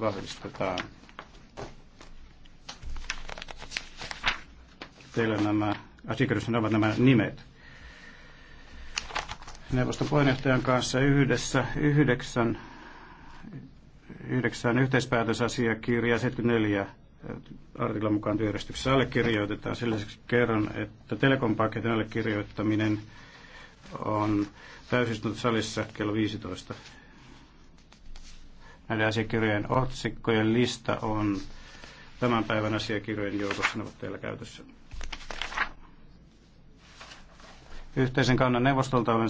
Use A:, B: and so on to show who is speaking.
A: vahvistetaan. Teillä nämä asiakirjoissa ovat nämä nimet. Neuvoston puheenjohtajan kanssa yhdessä yhdeksän, yhdeksän yhteispäätösasiakirja 74 artiklan mukaan työjärjestyksessä allekirjoitetaan. Sillä kerron, että telekompaketin allekirjoittaminen on täysistuntosalissa kello 15. Näiden asiakirjojen otsikkojen lista on tämän päivän asiakirjojen joukossa, ne ovat teillä käytössä. Yhteisen kannan neuvostolta olen